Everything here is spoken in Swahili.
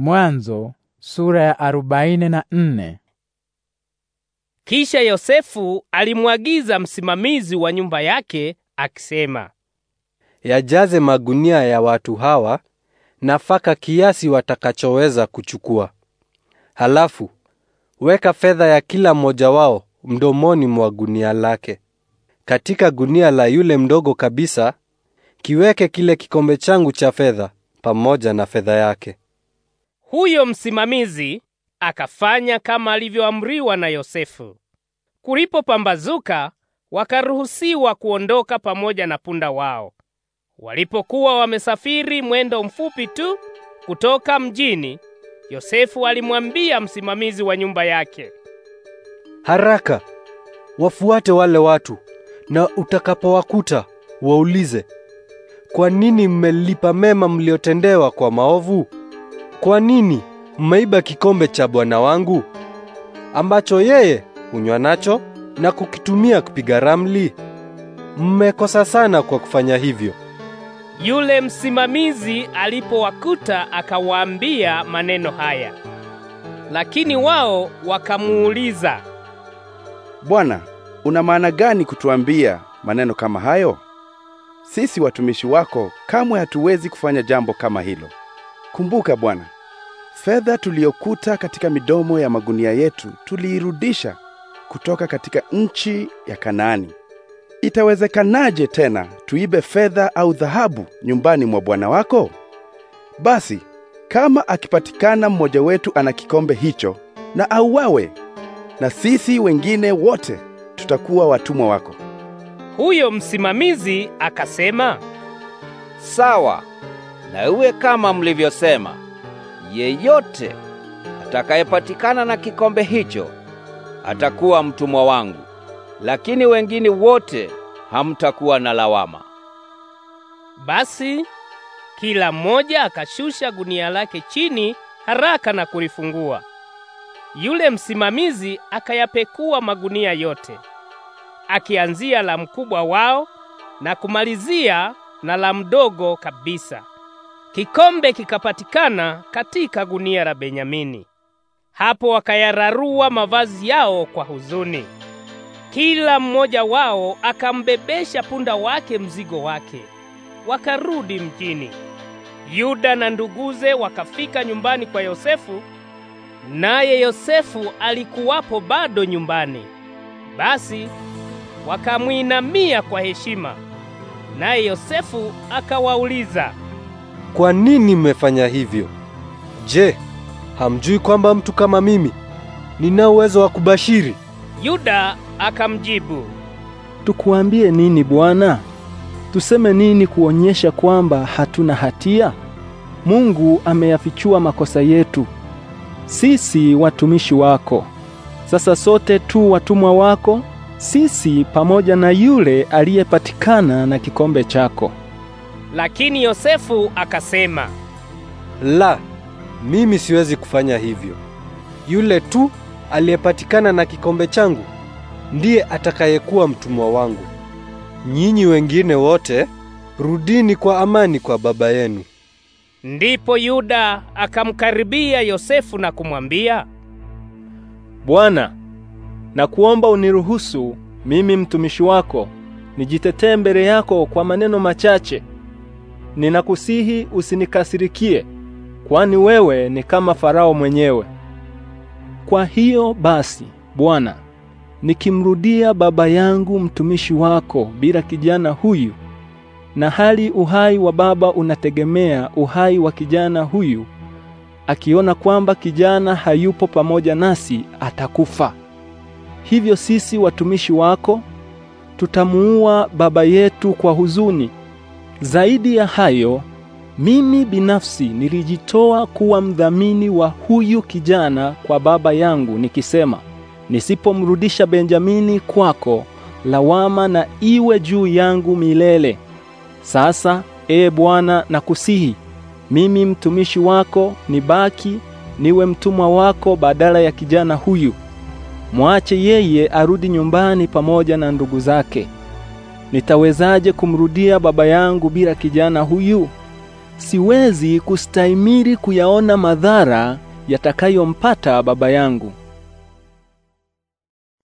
Mwanzo sura ya arobaini na nne. Kisha Yosefu alimwagiza msimamizi wa nyumba yake akisema, yajaze magunia ya watu hawa nafaka kiasi watakachoweza kuchukua, halafu weka fedha ya kila mmoja wao mdomoni mwa gunia lake. Katika gunia la yule mdogo kabisa kiweke kile kikombe changu cha fedha pamoja na fedha yake. Huyo msimamizi akafanya kama alivyoamriwa na Yosefu. Kulipopambazuka, wakaruhusiwa kuondoka pamoja na punda wao. Walipokuwa wamesafiri mwendo mfupi tu kutoka mjini, Yosefu alimwambia msimamizi wa nyumba yake, haraka wafuate wale watu, na utakapowakuta waulize, kwa nini mmelipa mema mliotendewa kwa maovu? Kwa nini mmeiba kikombe cha bwana wangu ambacho yeye hunywa nacho na kukitumia kupiga ramli? Mmekosa sana kwa kufanya hivyo. Yule msimamizi alipowakuta akawaambia maneno haya, lakini wao wakamuuliza, Bwana, una maana gani kutuambia maneno kama hayo? Sisi watumishi wako kamwe hatuwezi kufanya jambo kama hilo. Kumbuka Bwana, fedha tuliyokuta katika midomo ya magunia yetu tuliirudisha kutoka katika nchi ya Kanaani. Itawezekanaje tena tuibe fedha au dhahabu nyumbani mwa Bwana wako? Basi kama akipatikana mmoja wetu ana kikombe hicho, na auawe, na sisi wengine wote tutakuwa watumwa wako. Huyo msimamizi akasema, sawa, na uwe kama mlivyosema. Yeyote atakayepatikana na kikombe hicho atakuwa mtumwa wangu, lakini wengine wote hamtakuwa na lawama. Basi kila mmoja akashusha gunia lake chini haraka na kulifungua. Yule msimamizi akayapekua magunia yote, akianzia la mkubwa wao na kumalizia na la mdogo kabisa. Kikombe kikapatikana katika gunia la Benyamini. Hapo wakayararua mavazi yao kwa huzuni, kila mmoja wao akambebesha punda wake mzigo wake. Wakarudi mjini. Yuda na nduguze wakafika nyumbani kwa Yosefu, naye Yosefu alikuwapo bado nyumbani. Basi wakamwinamia kwa heshima, naye Yosefu akawauliza kwa nini mmefanya hivyo? Je, hamjui kwamba mtu kama mimi nina uwezo wa kubashiri? Yuda akamjibu, tukuambie nini Bwana? Tuseme nini kuonyesha kwamba hatuna hatia? Mungu ameyafichua makosa yetu. Sisi watumishi wako, sasa sote tu watumwa wako, sisi pamoja na yule aliyepatikana na kikombe chako. Lakini Yosefu akasema, la, mimi siwezi kufanya hivyo. Yule tu aliyepatikana na kikombe changu ndiye atakayekuwa mtumwa wangu. Nyinyi wengine wote rudini kwa amani kwa baba yenu. Ndipo Yuda akamkaribia Yosefu na kumwambia, Bwana, nakuomba uniruhusu mimi mtumishi wako nijitetee mbele yako kwa maneno machache ninakusihi usinikasirikie, kwani wewe ni kama Farao mwenyewe. Kwa hiyo basi, Bwana, nikimrudia baba yangu mtumishi wako bila kijana huyu, na hali uhai wa baba unategemea uhai wa kijana huyu, akiona kwamba kijana hayupo pamoja nasi atakufa. Hivyo sisi watumishi wako tutamuua baba yetu kwa huzuni zaidi ya hayo, mimi binafsi nilijitoa kuwa mdhamini wa huyu kijana kwa baba yangu nikisema, nisipomrudisha Benjamini kwako, lawama na iwe juu yangu milele. Sasa, ee Bwana, nakusihi mimi mtumishi wako nibaki niwe mtumwa wako badala ya kijana huyu. Mwache yeye arudi nyumbani pamoja na ndugu zake. Nitawezaje kumrudia baba yangu bila kijana huyu? Siwezi kustahimili kuyaona madhara yatakayompata baba yangu.